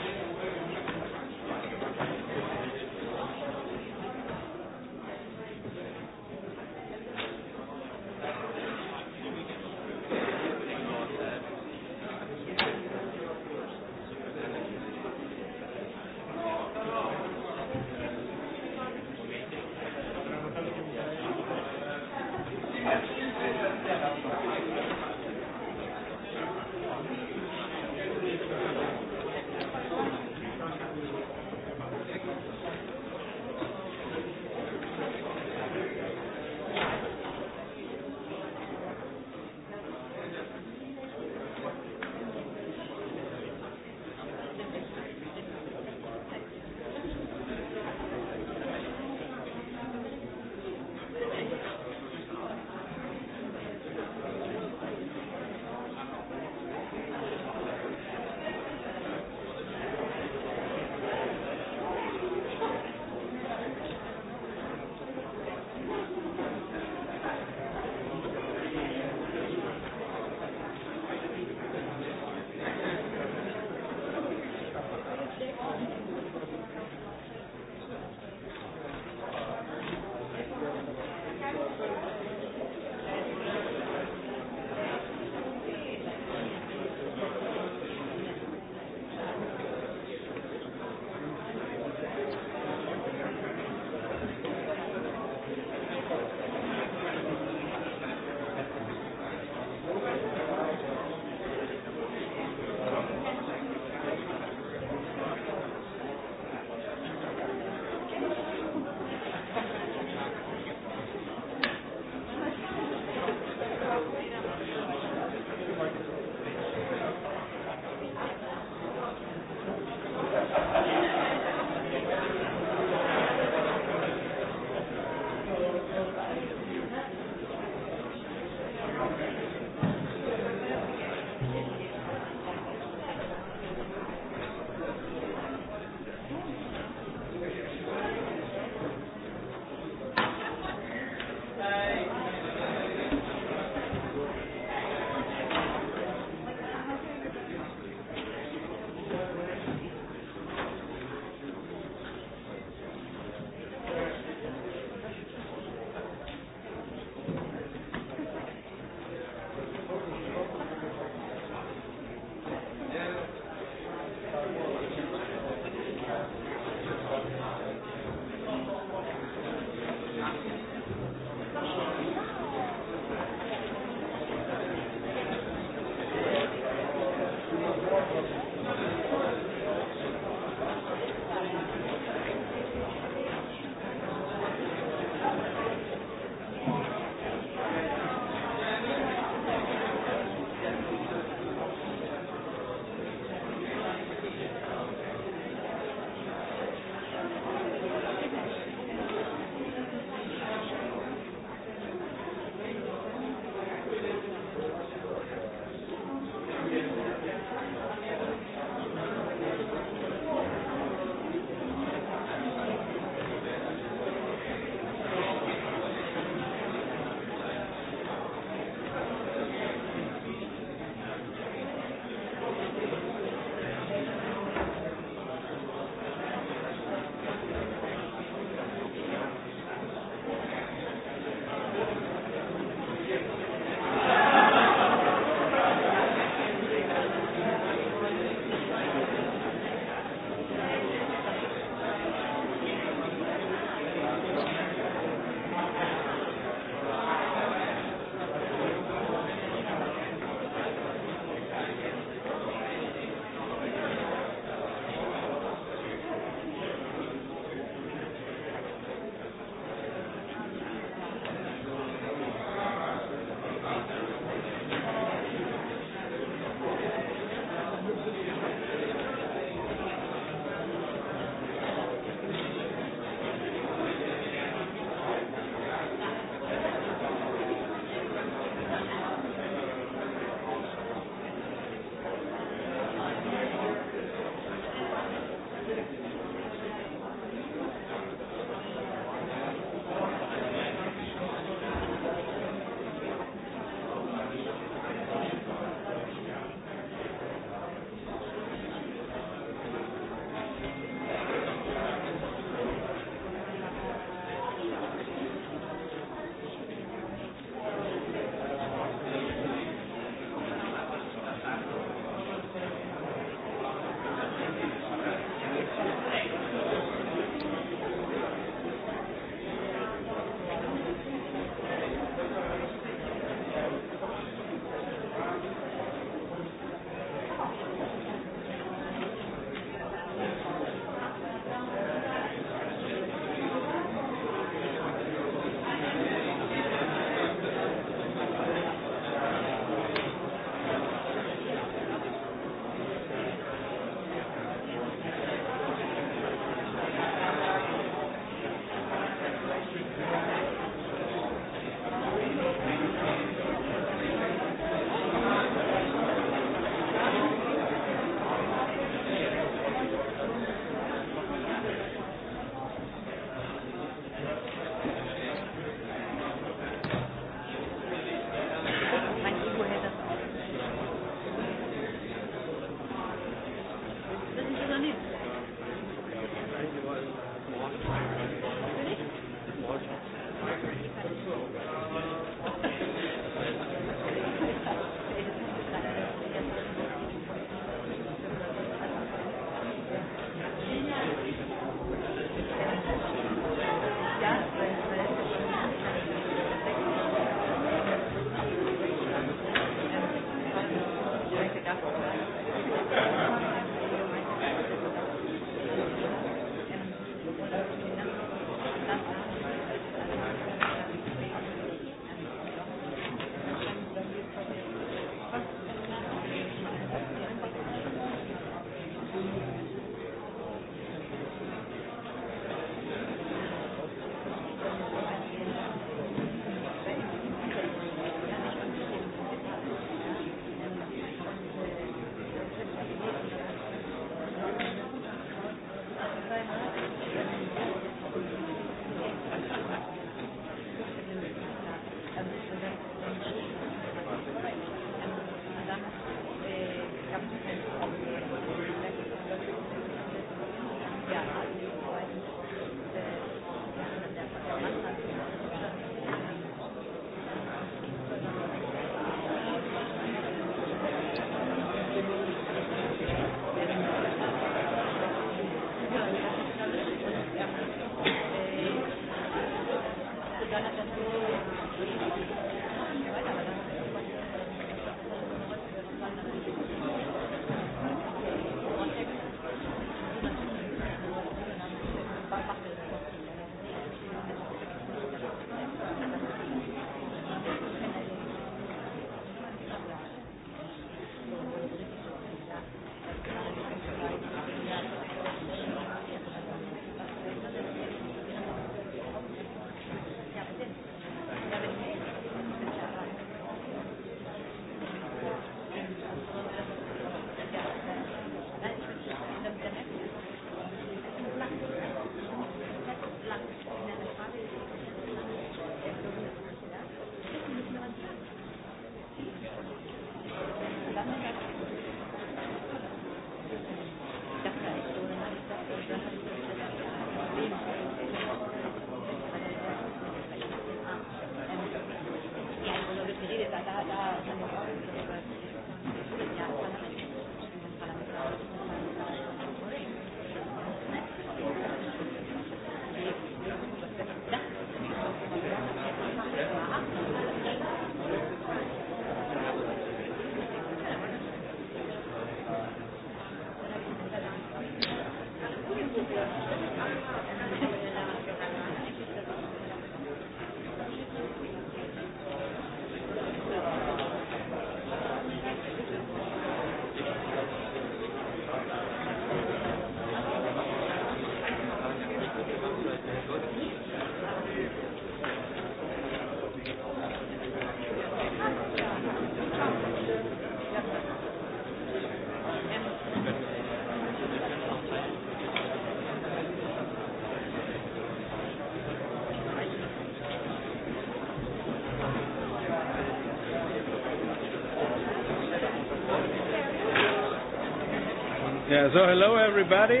A: So,
D: everybody.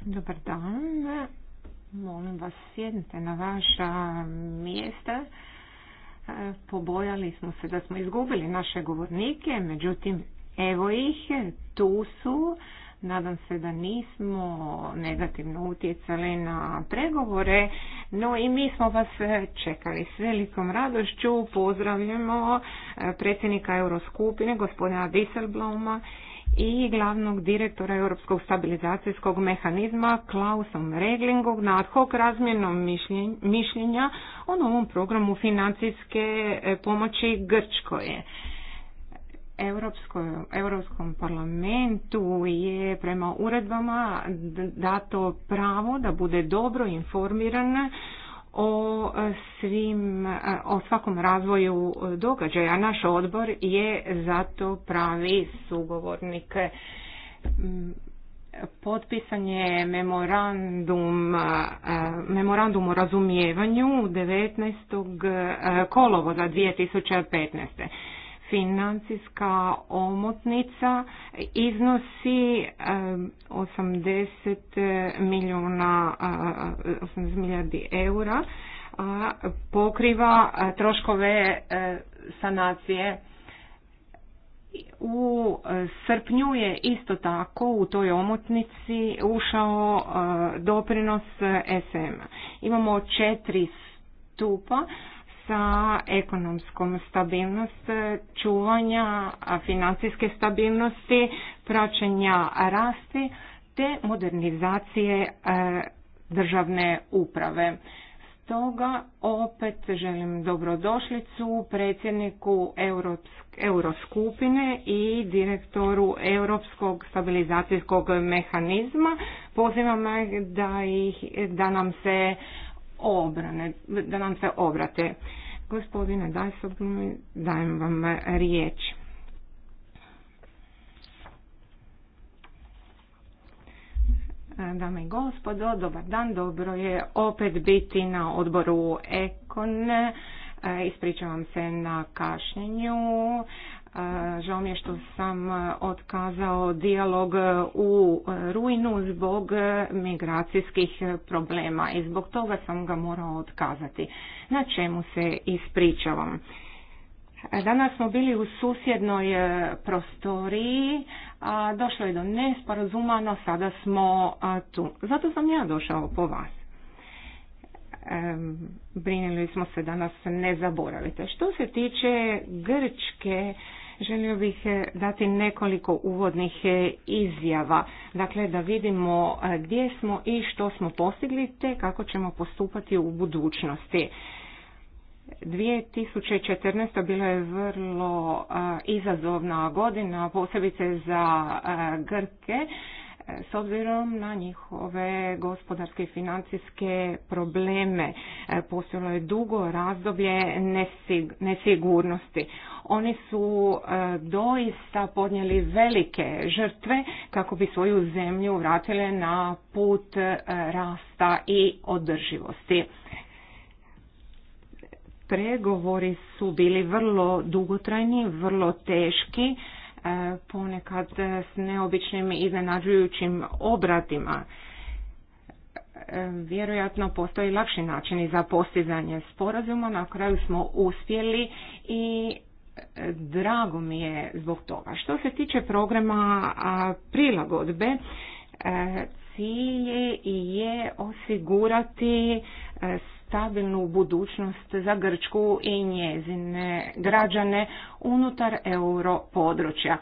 D: Dobar dan. Molim vas, sjednite na vaša mjesta. Pobojali smo se da smo izgubili naše govornike, međutim, evo ih, tu su. Nadam se da nismo negativno utjecali na pregovore, no i mi smo vas čekali s velikom radošću. Pozdravljamo eh, predsjednika Euroskupine, gospodina Disselbloma i glavnog direktora Europskog stabilizacijskog mehanizma Klausom Reglingog na ad hoc razmjenom mišljenja o novom programu financijske e, pomoći Grčkoje. Europskom parlamentu je prema uredbama dato pravo da bude dobro informirana o svim, o svakom razvoju događaja. Naš odbor je zato pravi sugovornik. Potpisan je memorandum, memorandum o razumijevanju 19. kolovoza 2015 financijska omotnica iznosi 80 milijuna 80 milijardi eura pokriva troškove e, sanacije u srpnju je isto tako u toj omotnici ušao e, doprinos e, SM. Imamo četiri stupa sa ekonomskom stabilnost, čuvanja financijske stabilnosti, praćenja rasti te modernizacije e, državne uprave. Stoga opet želim dobrodošlicu predsjedniku Euroskupine i direktoru Europskog stabilizacijskog mehanizma. Pozivam da, ih, da nam se obrane, da nam se obrate. Gospodine Dajsoblum, dajem vam riječ. Dame i gospodo, dobar dan, dobro je opet biti na odboru Ekon. Ispričavam se na kašnjenju. Žao mi je što sam e, otkazao dijalog e, u rujnu zbog e, migracijskih problema i zbog toga sam ga morao otkazati. Na čemu se ispričavam? Danas smo bili u susjednoj prostoriji, a došlo je do nesporazuma, sada smo tu. Zato sam ja došao po vas. Brinili smo se da nas ne zaboravite. Što se tiče Grčke, Želio bih e, dati nekoliko uvodnih e, izjava, dakle da vidimo e, gdje smo i što smo postigli te kako ćemo postupati u budućnosti. 2014. bila je vrlo izazovna godina, posebice za Grke s obzirom na njihove gospodarske i financijske probleme. E, postojalo je dugo razdoblje nesigurnosti. Oni su e, doista podnijeli velike žrtve kako bi svoju zemlju vratile na put e, rasta i održivosti. Pregovori su bili vrlo dugotrajni, vrlo teški, E, ponekad s neobičnim i iznenađujućim obratima. E, vjerojatno postoji lakši načini za postizanje sporazuma. Na kraju smo uspjeli i e, drago mi je zbog toga. Što se tiče programa prilagodbe, cilj je osigurati stabilnu budućnost za Grčku i njezine građane unutar euro područja.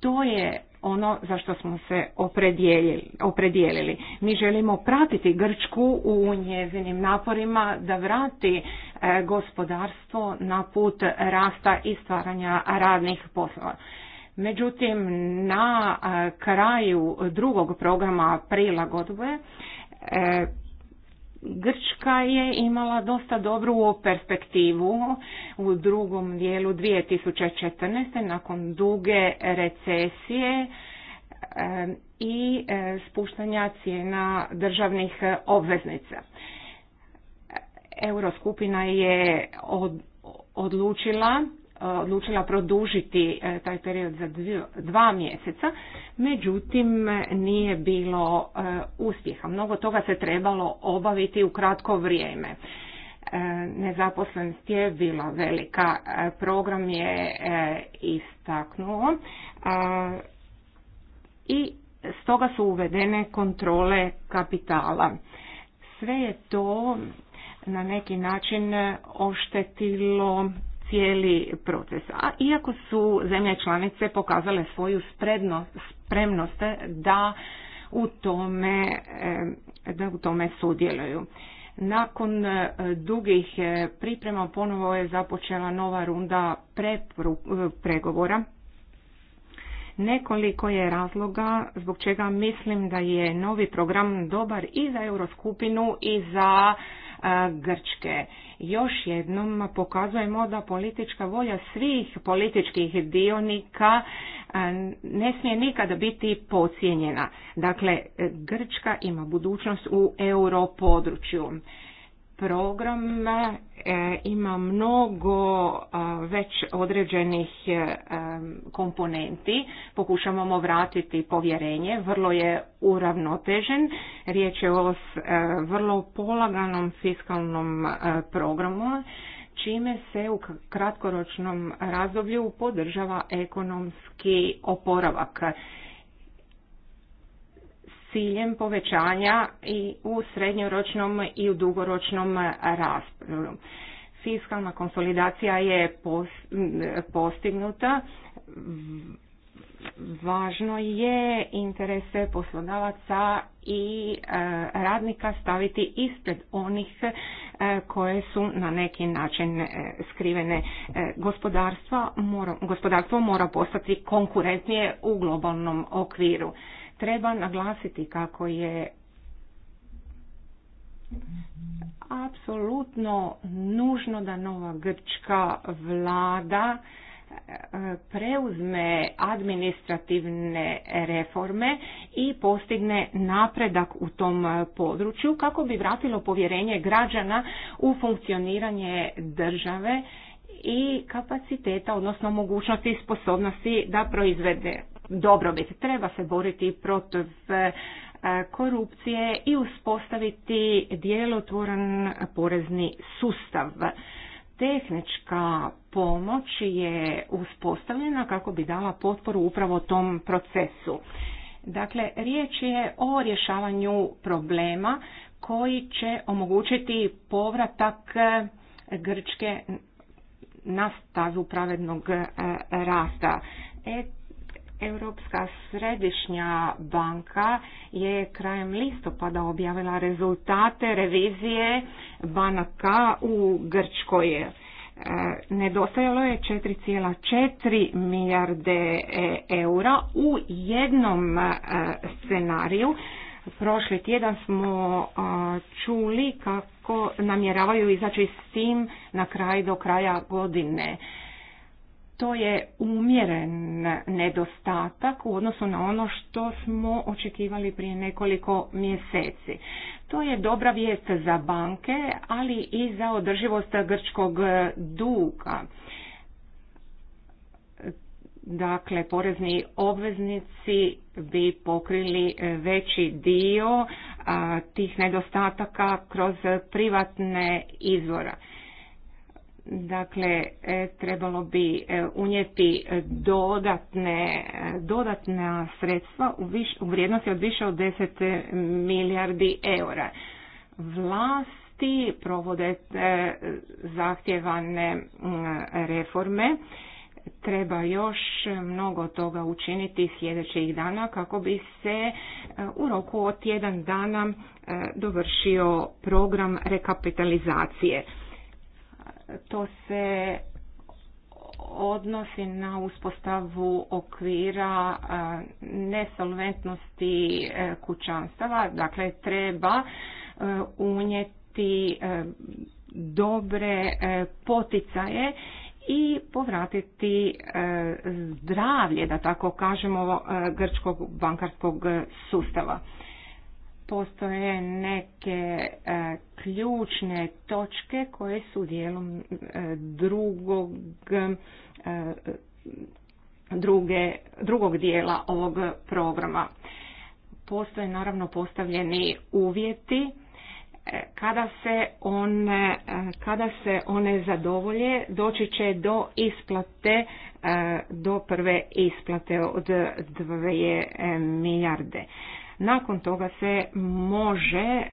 D: To je ono za što smo se opredijelili. Mi želimo pratiti Grčku u njezinim naporima da vrati e, gospodarstvo na put rasta i stvaranja radnih poslova. Međutim, na e, kraju drugog programa prilagodbe e, Grčka je imala dosta dobru perspektivu u drugom dijelu 2014. nakon duge recesije e, i e, spuštanja cijena državnih obveznica. Euroskupina je odlučila odlučila produžiti e, taj period za dva mjeseca, međutim nije bilo e, uspjeha. Mnogo toga se trebalo obaviti u kratko vrijeme. E, nezaposlenost je bila velika, program je istaknuo i stoga su uvedene kontrole kapitala. Sve je to na neki način oštetilo cijeli proces. A iako su zemlje članice pokazale svoju spremnost da u tome, eh, da u tome sudjeluju. Nakon eh, dugih eh, priprema ponovo je započela nova runda pregovora. Nekoliko je razloga zbog čega mislim da je novi program dobar i za Euroskupinu i za Grčke. Još jednom pokazujemo da politička volja svih političkih dionika ne smije nikada biti pocijenjena. Dakle, Grčka ima budućnost u europodručju program e, ima mnogo e, već određenih e, komponenti. Pokušavamo vratiti povjerenje, vrlo je uravnotežen. Riječ je o vrlo polaganom fiskalnom programu čime se u kratkoročnom razdoblju podržava ekonomski oporavak ciljem povećanja i u srednjoročnom i u dugoročnom rasporu. Fiskalna konsolidacija je postignuta. Važno je interese poslodavaca i e, radnika staviti ispred onih e, koje su na neki način e, skrivene. gospodarstvo mora postati konkurentnije u globalnom okviru. Treba naglasiti kako je apsolutno nužno da nova grčka vlada e, preuzme administrativne reforme i postigne napredak u tom području kako bi vratilo povjerenje građana u funkcioniranje države i kapaciteta, odnosno mogućnosti i sposobnosti da proizvede dobrobit. Treba se boriti protiv e, korupcije i uspostaviti djelotvoran porezni sustav. Tehnička pomoć je uspostavljena kako bi dala potporu upravo tom procesu. Dakle, riječ je o rješavanju problema koji će omogućiti povratak e, Grčke na stazu pravednog e, rasta. Europska središnja banka je krajem listopada objavila rezultate revizije banaka u Grčkoj. E, nedostajalo je 4,4 milijarde e, eura u jednom e, scenariju. Prošli tjedan smo čuli kako namjeravaju izaći s tim na kraj do kraja godine to je umjeren nedostatak u odnosu na ono što smo očekivali prije nekoliko mjeseci. To je dobra vijest za banke, ali i za održivost grčkog duga. Dakle, porezni obveznici bi pokrili veći dio tih nedostataka kroz privatne izvora. Dakle, e, trebalo bi e, unijeti dodatne, dodatna sredstva u, u vrijednosti od više od 10 milijardi eura. Vlasti provode e, zahtjevane reforme. Treba još mnogo toga učiniti sljedećih dana kako bi se u roku od tjedan dana dovršio program rekapitalizacije. To se odnosi na uspostavu okvira nesolventnosti e, kućanstava. Dakle, treba e, unijeti e, dobre poticaje i povratiti zdravlje, da tako kažemo, grčkog bankarskog sustava postoje neke e, ključne točke koje su dijelom e, e, drugog dijela ovog programa. Postoje naravno postavljeni uvjeti kada se one, kada se one zadovolje doći će do isplate do prve isplate od 2 milijarde. Nakon toga se može